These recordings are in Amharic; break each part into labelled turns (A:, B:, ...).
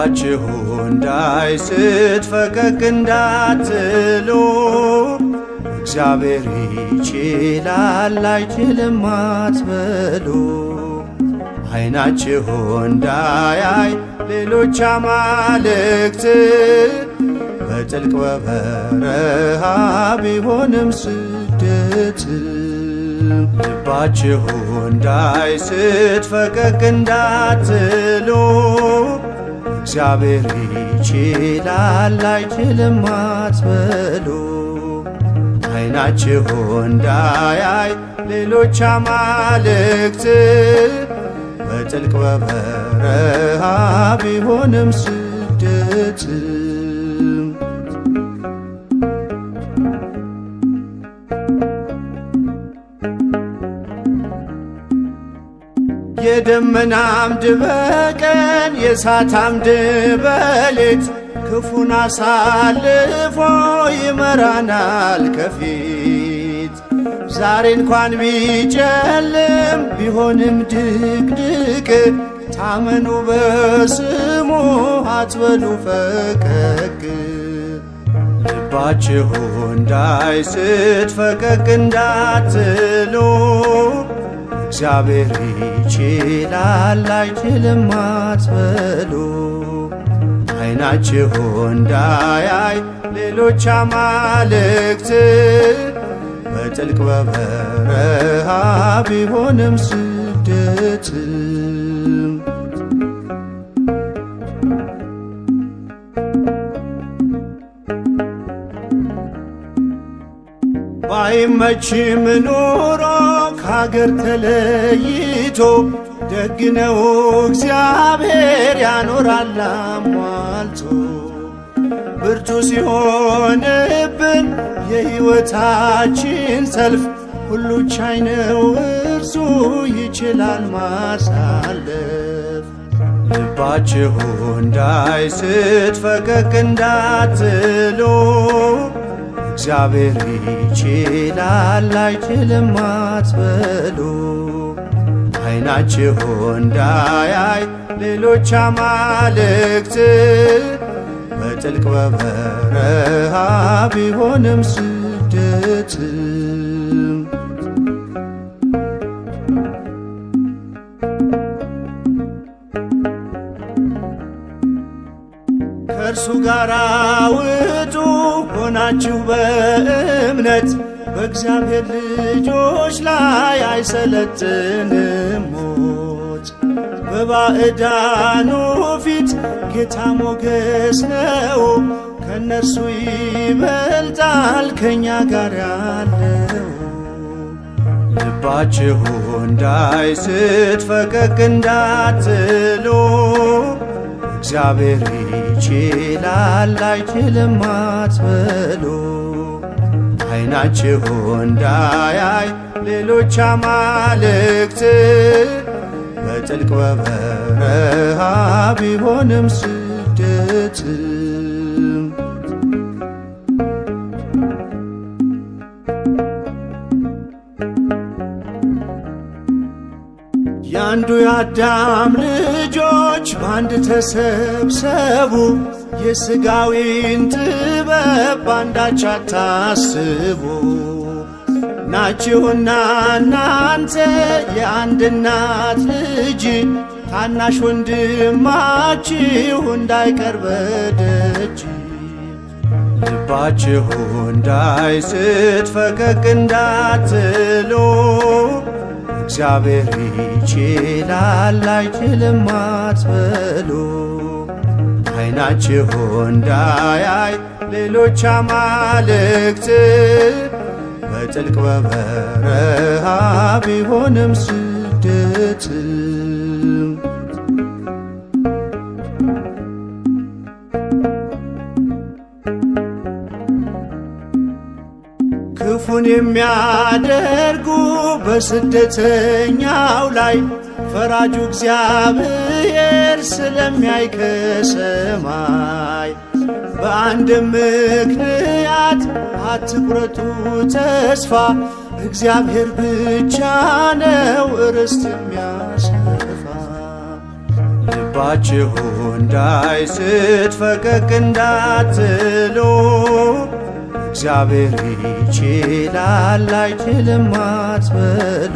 A: ልባችሁ እንዳይስት ፈቀቅ እንዳትሉ እግዚአብሔር ይችላል አይችልም አትበሉ። ዓይናችሁ እንዳያይ ሌሎች አማልክት በጥልቅ በበረሃ ቢሆንም ስደት ልባችሁ እንዳይስት ፈቀቅ እንዳትሉ እግዚአብሔር ይችላል አይችልም አትበሉ። አይናችሁ እንዳያይ ሌሎች አማልክት በጥልቅ በበረሃ ቢሆንም ስደት የደመና አምድ በቀን የእሳት አምድ በሌት ክፉን አሳልፎ ይመራናል ከፊት። ዛሬ እንኳን ቢጨልም ቢሆንም ድቅድቅ ታመኑ በስሙ አትበሉ ፈቀቅ ልባችሁ እንዳይስት ፈቀቅ እንዳትሉ እግዚአብሔር ይችላል አይችልም አትበሉ። አይናችሁ እንዳያይ ሌሎች አማልክት በጥልቅ በበረሃ ቢሆንም ስደት ባይመችም ኑሮ ከሀገር ተለይቶ ደግነው እግዚአብሔር ያኖራል አሟልቶ ብርቱ ሲሆንብን የሕይወታችን ሰልፍ ሁሉ ቻይ ነው እርሱ ይችላል ማሳለፍ። ልባችሁ እንዳይስት ፈቀቅ እንዳትሉ እግዚአብሔር ይችላል አይችልም አትበሉ። አይናችሁ እንዳያይ ሌሎች አማልክት በጥልቅ በበረሃ ቢሆንም ስደት ከእርሱ ጋር ውጡ ሆናችሁ በእምነት በእግዚአብሔር ልጆች ላይ አይሰለጥንም ሞት። በባዕዳኑ ፊት ጌታ ሞገስ ነው፣ ከእነርሱ ይበልጣል ከእኛ ጋር ያለው። ልባችሁ እንዳይስት ፈቀቅ እንዳትሉ እግዚአብሔር ይችላል አይችልም አትበሉ። አይናችሁ እንዳያይ ሌሎች አማልክት በጥልቅ በበረሃ ቢሆንም ስደት አንዱ የአዳም ልጆች በአንድ ተሰብሰቡ የሥጋዊን ጥበብ ባንዳች አታስቡ። ናችሁና እናንተ የአንድ እናት ልጅ ታናሽ ወንድማችሁ እንዳይቀር በደጅ ልባችሁ እንዳይስት ፈቀቅ እንዳትሉ እግዚአብሔር ይችላል አይችልም አትበሉ። አይናችሁ እንዳያይ ሌሎች አማልክት በጥልቅ በበረሃ ቢሆንም ስደት ሁን የሚያደርጉ በስደተኛው ላይ ፈራጁ እግዚአብሔር ስለሚያይ ከሰማይ በአንድ ምክንያት አትቁረጡ ተስፋ እግዚአብሔር ብቻ ነው ርስት የሚያሰፋ። ልባችሁ እንዳይስት ፈቀቅ እንዳትሉ እግዚአብሔር ይችላል አይችልም አትበሉ።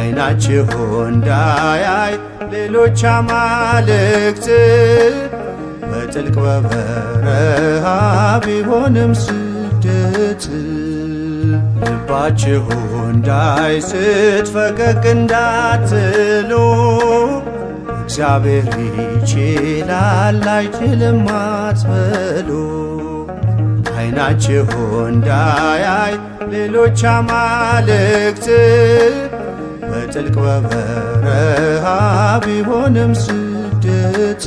A: አይናችሁ እንዳያይ ሌሎች አማልክት በጥልቅ በበረሃ ቢሆንም ስደት ልባችሁ እንዳይስት ፈቀቅ እንዳትሉ እግዚአብሔር ይችላል አይችልም አትበሉ አይናችሁ እንዳያይ ሌሎች አማልክት በጥልቅ በበረሃ ቢሆንም ስደት